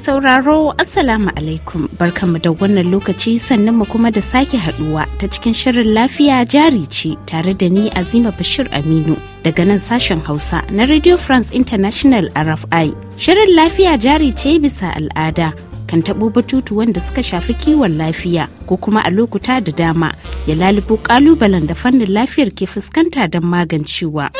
sauraro Assalamu alaikum barkanmu da wannan lokaci sannan mu kuma da sake haduwa ta cikin shirin lafiya jari ce tare da ni Azima Bashir Aminu daga nan sashen Hausa na Radio France International RFI. Shirin lafiya jari ce bisa al'ada kan taɓo batutu wanda suka shafi kiwon lafiya ko kuma a lokuta da dama ya lalubo ƙalubalen da fannin lafiyar ke fuskanta don magancewa.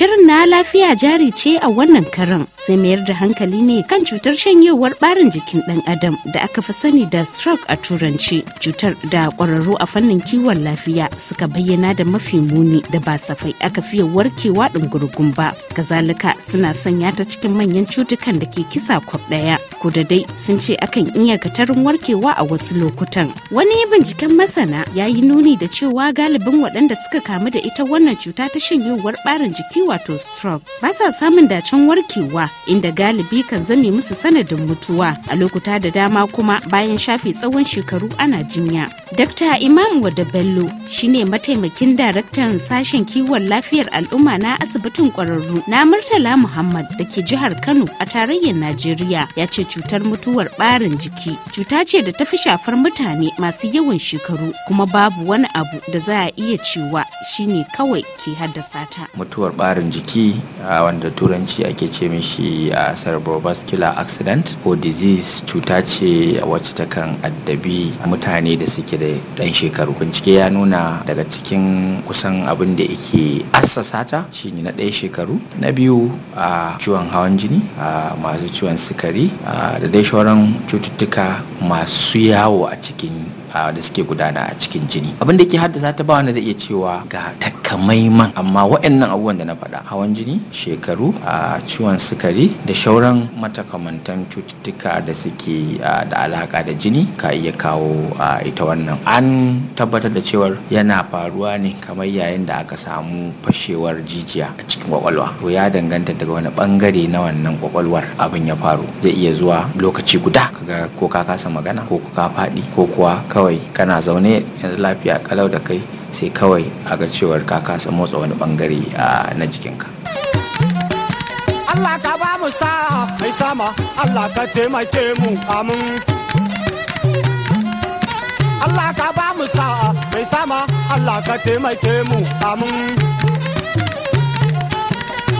Shirin na lafiya jari ce a wannan karan sai mayar da hankali ne kan cutar shanyewar barin jikin ɗan adam da aka fi sani da stroke a turanci cutar da ƙwararru a fannin kiwon lafiya suka bayyana da mafi muni da ba safai aka fiye warkewa ɗin gurgun ba. Kazalika suna sanya ta cikin manyan cutukan da ke kisa kwab ɗaya da dai sun ce akan iya katarin warkewa a wasu lokutan. Wani binciken masana ya yi nuni da cewa galibin waɗanda suka kamu da ita wannan cuta ta shanyewar ɓarin jiki wato stroke ba sa samun dacen warkewa inda galibi kan zame musu sanadin mutuwa a lokuta da dama kuma bayan shafe tsawon shekaru ana jinya. dokta Imam Wada Bello shine mataimakin daraktan sashen kiwon lafiyar al'umma na asibitin kwararru na Murtala Muhammad da ke jihar Kano a tarayyar Najeriya ya ce cutar mutuwar ɓarin jiki cuta ce da ta fi shafar mutane masu yawan shekaru kuma babu wani abu da za a iya cewa shine kawai ke haddasa ta mutuwar ɓarin jiki wanda turanci ake ce mishi a cerebrovascular accident ko disease cuta ce wacce ta kan addabi mutane da suke da ɗan shekaru bincike ya nuna daga cikin kusan abin da yake assasa ta shine na ɗaya shekaru na biyu a ciwon hawan jini a masu ciwon sukari a da dai shauran cututtuka masu yawo a cikin da suke gudana a cikin jini abin da ke haddasa ta ba wanda zai iya cewa ga takamaiman amma waɗannan abubuwan da na faɗa hawan jini shekaru a ciwon sukari da shauran matakamantan cututtuka da suke da alaƙa da jini ka iya kawo ita wannan an tabbatar da cewar yana faruwa ne kamar yayin da aka samu fashewar jijiya a cikin kwakwalwa to ya danganta daga wani bangare na wannan kwakwalwar abin ya faru zai iya zuwa lokaci guda kaga ko ka kasa magana ko ka faɗi ko kuwa kawai kana zaune yanzu lafiya kalau da kai sai kawai a ga cewar ka kasa motsa wani bangare na jikinka Allah ka ba mu sa'a mai sama Allah ka taimake mu amin Allah ka ba mu sa'a mai sama Allah ka taimake mu amin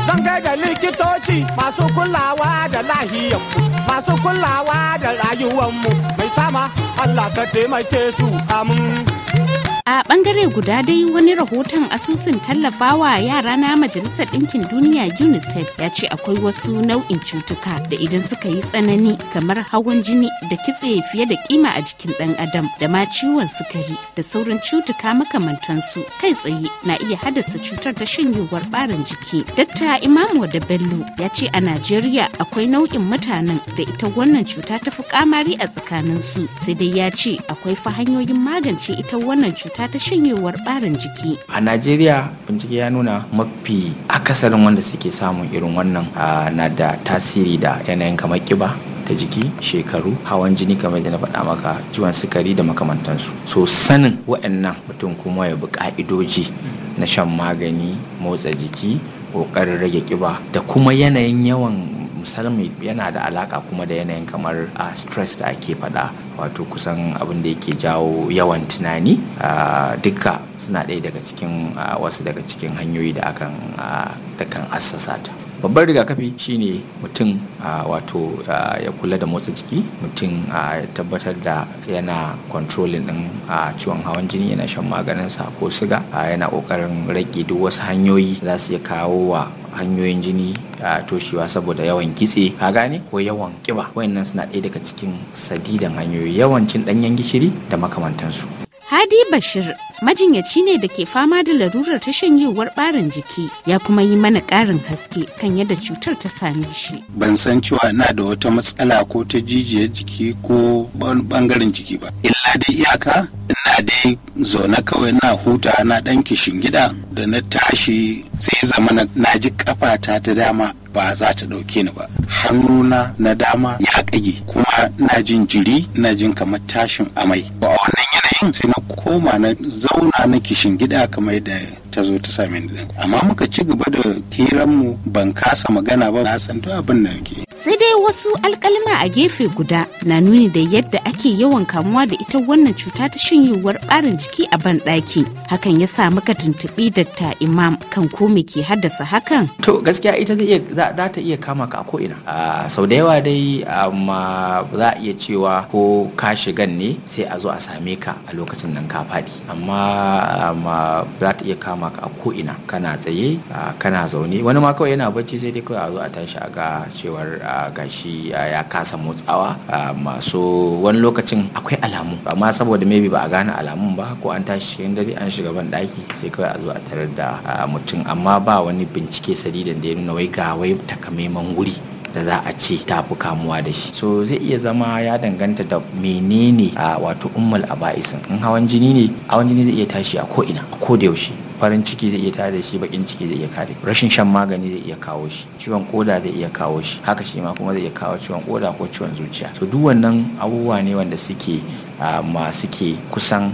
Zan gaida likitoci masu kulawa da lahiyar masu kulawa da rayuwanmu mai sama Allah ka taimake su amin. A bangare guda dai wani rahoton asusun tallafawa yara na Majalisar Ɗinkin Duniya UNICEF ya ce akwai wasu nau'in cutuka da idan suka yi tsanani kamar hawan jini da kitse fiye da kima a jikin ɗan adam da ma ciwon sukari da sauran cutuka makamantansu kai tsaye na iya haddasa cutar da shanyewar barin jiki. Dakta Imamu da Bello ya ce a Najeriya akwai nau'in mutanen da ita wannan cuta ta fi kamari a tsakaninsu sai dai ya ce akwai fa hanyoyin magance ita wannan cuta bazata ta shanyewar barin jiki. A Najeriya bincike ya nuna mafi akasarin wanda suke samun irin wannan na da tasiri da yanayin kamar kiba ta jiki shekaru hawan jini kamar da na faɗa maka ciwon sukari da makamantansu so sanin wa'annan mutum kuma ya bi ka'idoji na shan magani motsa jiki ƙoƙarin rage ƙiba, da kuma yanayin yawan musamman yana da alaƙa kuma da yanayin kamar a stress da ake faɗa wato kusan abin da yake jawo yawan tunani dukka suna ɗaya daga cikin wasu daga cikin hanyoyi da akan assasa ta babban rigakafi shine mutum wato ya kula da motsa jiki mutum ya tabbatar da yana controlling din ciwon hawan jini yana shan maganin sa ko siga yana kokarin rage duk wasu hanyoyi za su iya kawo wa hanyoyin jini a toshewa saboda yawan kitse ka gane ko yawan kiba wayannan suna ɗaya daga cikin sadidan hanyoyi yawancin ɗanyen gishiri da makamantansu Hadi Bashir majinyaci ne da ke fama da larurar ta shanyewar barin jiki ya kuma yi mana ƙarin haske kan yadda cutar ta same shi. Ban san cewa na da wata matsala ko ta jijiyar jiki ko bangaren jiki ba. Illa dai iyaka ina dai zaune kawai na huta na ɗan kishin gida da na tashi sai zama na ji kafata ta dama ba za ta ɗauke ni ba Hannu na dama ya ƙage kuma na jin jiri na jin kamar tashin amai ba bayan sai na koma na zauna na kishin gida kamar da ta zo ta same ni amma muka ci gaba da mu ban kasa magana ba na san duk abin da nake sai dai wasu alkalma a gefe guda na nuni da yadda ake yawan kamuwa da ita wannan cuta ta yiwuwar ɓarin jiki a ban daki hakan ya sa muka tuntubi dakta imam kan ko me ke haddasa hakan to gaskiya ita zai za ta iya kama ka ko ina sau da yawa dai amma za a iya cewa ko ka shigan ne sai a zo a same ka a lokacin nan ka faɗi amma za ta iya kama maka a ko'ina kana tsaye kana zaune wani ma kawai yana bacci sai dai kawai a zo a tashi a ga cewar gashi ya kasa motsawa masu wani lokacin akwai alamu amma saboda maybe ba a gane alamun ba ko an tashi cikin dare an shiga ban daki sai kawai a zo a tarar da mutum amma ba wani bincike sadidan da ya nuna wai ga wai takamaiman wuri da za a ce ta fi kamuwa da shi so zai iya zama ya danganta da menene a wato ummal aba'isin in hawan jini ne hawan jini zai iya tashi a ko ina a ko da yaushe farin ciki zai iya tare da shi bakin ciki zai iya kare rashin shan magani zai iya kawo shi ciwon koda zai iya kawo shi haka shi ma kuma zai iya kawo ciwon koda ko ciwon zuciya to duk wannan abubuwa ne wanda suke masu ke kusan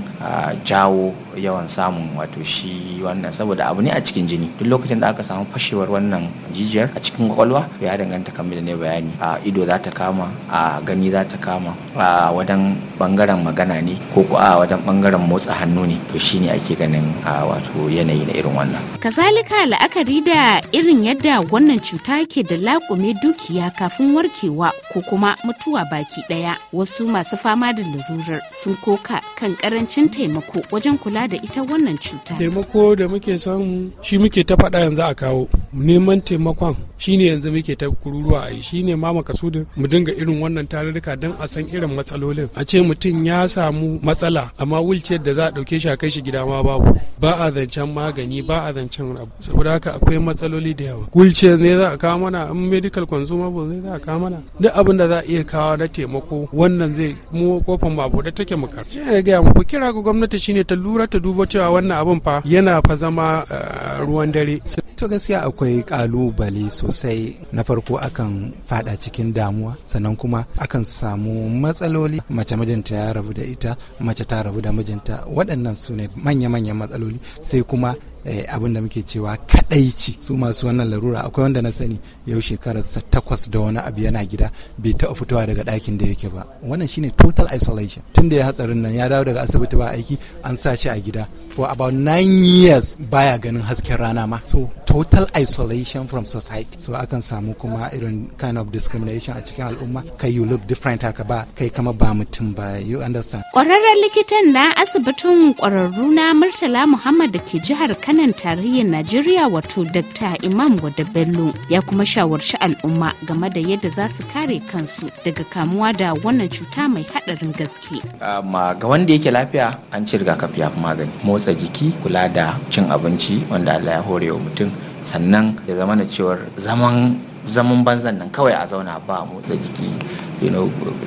jawo yawan samun wato shi wannan saboda abu ne a cikin jini duk lokacin da aka samu fashewar wannan jijiyar a cikin kwakwalwa ya danganta kamar da ne bayani a ido za ta kama a gani za ta kama a wajen bangaren magana ne ko ko a wajen bangaren motsa hannu ne to shi shine ake ganin a wato yanayi na irin wannan kazalika la'akari da irin yadda wannan cuta ke da laƙume dukiya kafin warkewa ko kuma mutuwa baki ɗaya, wasu masu fama da lalurar. kasar sun koka kan karancin taimako wajen kula da ita wannan cuta. Taimako da muke samu shi muke ta faɗa yanzu a kawo. neman taimakon shine yanzu muke ta kururuwa a yi shine ma makasudin mu dinga irin wannan tarurruka don a san irin matsalolin a ce mutum ya samu matsala amma wulciyar da za a ɗauke shi a kai shi gida ma babu ba a zancen magani ba a zancen rabu saboda haka akwai matsaloli da yawa wulciyar ne za a kawo mana in medical consumable ne za a kawo mana duk abin da za a iya kawo na taimako wannan zai mu kofan babu da take mu karfi shi ne gaya mu kira ga gwamnati shine ta lura ta duba cewa wannan abin fa yana fa zama eh, ruwan dare to gaskiya akwai kalubale sosai na farko akan fada cikin damuwa sannan kuma akan samu matsaloli mace mijinta ya rabu da ita mace ta rabu da mijinta waɗannan su ne manya-manyan matsaloli sai kuma Eh, abin da muke cewa kadaici su masu wannan larura akwai wanda na sani yau shekararsa takwas da wani abu yana gida bai taɓa fitowa daga ɗakin da yake ba wannan shine total isolation tun da ya hatsarin nan ya dawo daga asibiti ba aiki an sa shi a gida for about nine years baya ganin hasken rana ma so total isolation from society so akan samu kuma irin kind of discrimination a cikin al'umma kai you look different haka ba kai kama ba mutum ba you understand kwararren likitan na asibitin kwararru na murtala muhammad da ke jihar kanan tarihin najeriya wato dr imam wada bello ya kuma shawarci al'umma game da yadda za su kare kansu daga kamuwa da wannan cuta mai haɗarin gaske ga wanda yake lafiya an ci rigakafi ya magani motsa jiki kula da cin abinci wanda allah ya hore wa mutum sannan ya zama na cewar zaman zaman banzan nan kawai a zauna ba motsa jiki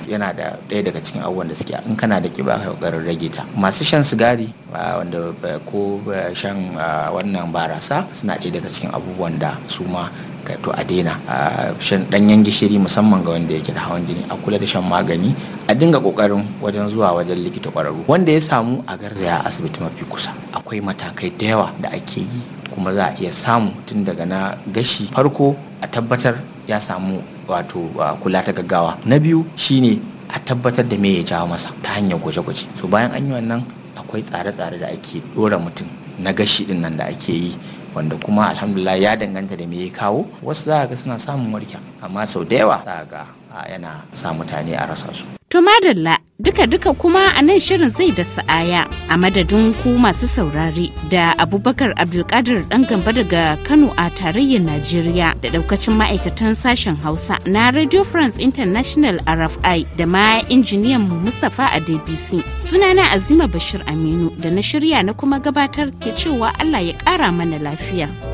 yana da ɗaya daga cikin abubuwan da suke in kana da kiba ka ƙoƙarin rage ta masu shan sigari wanda ko shan wannan barasa suna ɗaya daga cikin abubuwan da su ma to a daina shan ɗanyen gishiri musamman ga wanda yake da hawan jini a kula da shan magani a dinga ƙoƙarin wajen zuwa wajen likita ƙwararru wanda ya samu a garzaya asibiti mafi kusa akwai matakai da yawa da ake yi kuma za a iya samu tun daga na gashi farko a tabbatar ya samu wato kula ta gaggawa na biyu shine a tabbatar da me ya jawo masa ta hanyar gwaje-gwaje so bayan an yi wannan akwai tsare-tsare da ake ɗora mutum na gashi din nan da ake yi wanda kuma alhamdulillah ya danganta da me ya kawo wasu za a ga suna samun warke amma sau da yawa za ga yana sa mutane a rasa su. To madalla Duka-duka kuma a nan shirin zai da sa'aya a madadin ku masu saurare da Abubakar Abdulkadir ɗan gamba daga Kano a tarayyar Najeriya da ɗaukacin ma'aikatan sashen Hausa na Radio France International RFI da ma injiniyan mu Mustapha a Adebisi. Sunana Azima Bashir Aminu da na shirya na kuma gabatar ke cewa Allah ya ƙara mana lafiya.